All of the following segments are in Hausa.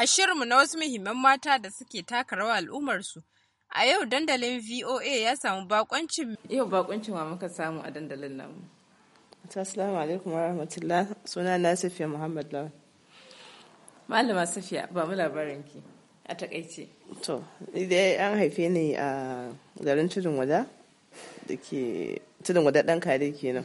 a shirinmu na wasu muhimman mata da suke taka rawa al'ummarsu. A yau dandalin VOA ya samu bakoncin Yau bakoncin wa muka samu a dandalin namu. Assalamu alaikum wa rahmatullah suna na Safiya Muhammad Lawan. Malama Safiya ba mu labarin ki a takaice. To, dai an haife ni a garin Tudun Wada da ke Tudun Wada dan kare kenan.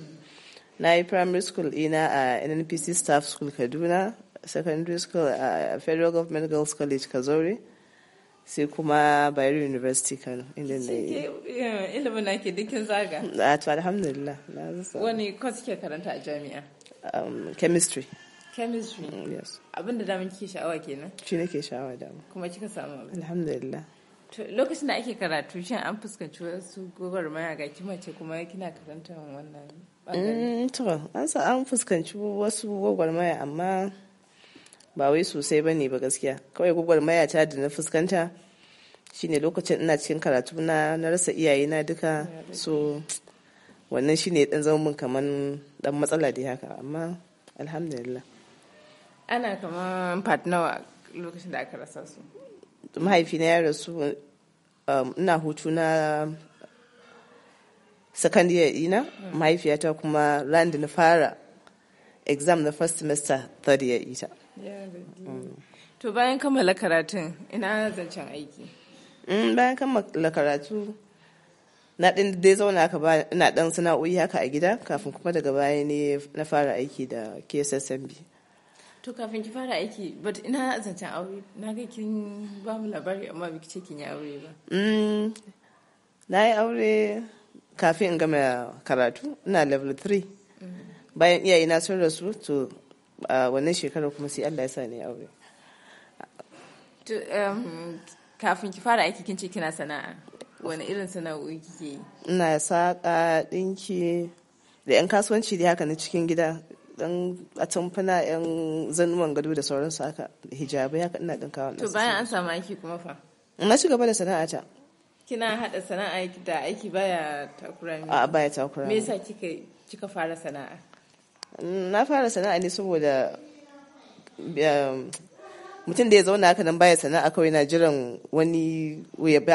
Na yi primary school ina a NNPC Staff School Kaduna secondary school a uh, federal government girls college kazori sai kuma bayero university kano inda na yi eh, ilimin na ke dukkan zaga a ah, to alhamdulillah wani kwas ke karanta a jami'a um, chemistry chemistry mm, yes abinda da ke sha'awa kenan shi ke sha'awa damu kuma kika samu alhamdulillah lokacin da ake karatu shi an fuskanci wasu maya ga kimace kuma kina karanta wannan bangare? Mm, to an fuskanci wasu gwagwarmaya amma ba wai sosai ba ne ba gaskiya kawai gwagwarmaya ta da na fuskanta shine lokacin ina cikin karatu na na rasa na duka so wannan shine dan zama mun kaman dan matsala dai haka amma alhamdulillah ana kaman partner lokacin da aka rasa su mahaifina ya rasu um, ina hutu na secondary ina mahaifiyata kuma ran da na fara exam na first semester third year ita Mm. To bayan kammala karatun ina zancen aiki? Mm, bayan kammala karatu na ɗin dai zauna ka ba na ɗan sana'o'i haka a gida kafin kuma daga baya ne na fara aiki da KSSMB. To kafin ki fara aiki, but ina zancen aure na ga kin ba mu labari amma biki ce kin yi aure ba. Mm, na yi aure kafin in gama karatu ina level 3. Bayan iyayena sun rasu to a wannan shekarar kuma sai Allah ya sa ni aure um, kafin ki fara aiki kin ce kina sana'a wani irin sana'o'i kike yi ina saƙa ɗinki da ƴan kasuwanci dai haka na cikin gida dan a tamfuna ƴan zanuman gado da sauransu haka hijabai haka ina ɗinka to bayan an samu aiki kuma fa na ci gaba da sana'ata kina haɗa sana'a da aiki baya takura a baya takura me yasa kika kika fara sana'a na fara sana'a ne saboda um, mutum da ya zauna haka nan baya sana'a kawai na jiran wani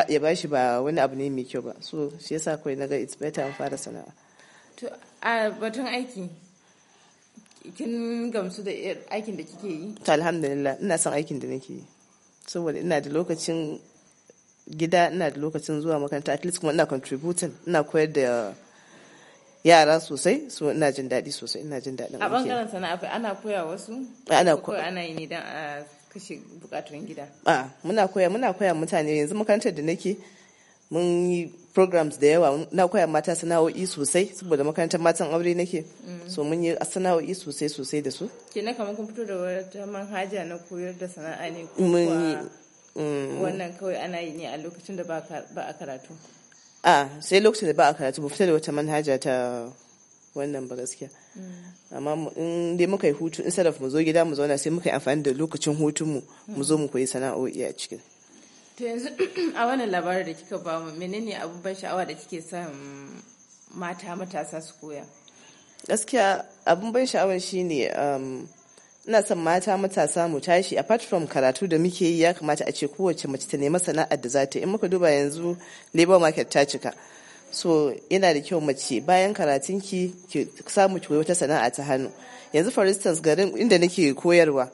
ya bashi ba wani abu ne mai kyau ba so shi yasa kawai na ga it's better an fara sana'a a batun aiki kin gamsu da aikin da kike yi to alhamdulillah ina son aikin da nake yi saboda ina da lokacin gida ina da lokacin zuwa makaranta at least kuma ina contributing ina koyar da yara sosai so ina jin daɗi sosai ina jin daɗin a bangaren sana'a ana koya wasu ana koya ana yi ne dan a kashe bukatun gida a muna koya muna koya mutane yanzu makarantar da nake mun yi programs da yawa na koya mata sana'o'i sosai saboda makarantar matan aure nake mm. so mun yi sana'o'i sosai sosai da su na kamar kun fito da wata manhaja na koyar da sana'a ne ko mm. wannan kawai ana yi ne a lokacin da ba a karatu a ah, sai lokacin da ba a karatu ba fita da wata manhaja ta wannan ba gaskiya mm. amma in dai muka yi hutu in sarrafa mu zo gida mu zauna sai muka yi amfani da lokacin hutu mu zo mu koyi sana'o'i a cikin to yanzu a wannan labarin da kika ba mu menene ban sha'awa da kike sa mata matasa su koya gaskiya abin ban sha'awa shine um, ina son mata matasa mu tashi a from karatu da muke yi ya kamata a ce kowace mace ta nema sana'ar da za ta in muka duba yanzu labor market ta cika so yana da kyau mace bayan karatun ki samu ki wata sana'a ta hannu yanzu for instance garin inda nake koyarwa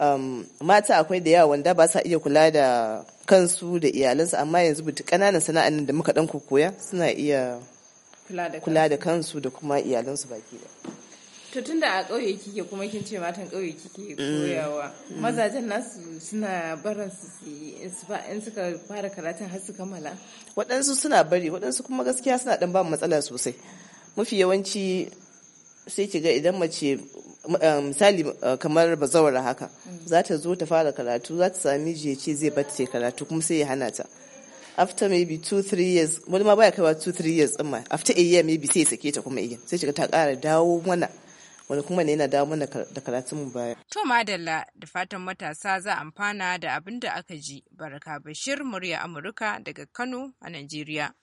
um, mata akwai da yawa wanda ba sa iya kula da kansu da iyalansu amma yanzu butu kananan sana'an da muka dan koya suna iya kula da kansu da kuma iyalansu baki da to tun da a ƙauye kike kuma kin ce matan ƙauye kike mm. koyawa mm. mazajen nasu suna barin su in suka fara karatun har su kammala waɗansu suna bari waɗansu kuma gaskiya suna ɗan ba matsala sosai mafi yawanci sai ki ga idan mace eh, misali eh, kamar bazawara haka mm. za ta zo ta fara karatu za ta sami ya ce zai bata ta karatu kuma sai ya hana ta after maybe two three years wani ma baya kaiwa two three years din ma after a year maybe sai ya sake ta kuma iya sai shiga ta kara dawo mana wani kuma ne yana dawo mana da karatun mu baya. To madalla da fatan matasa za amfana da abin da aka ji. Baraka Bashir murya Amurka daga Kano a Najeriya.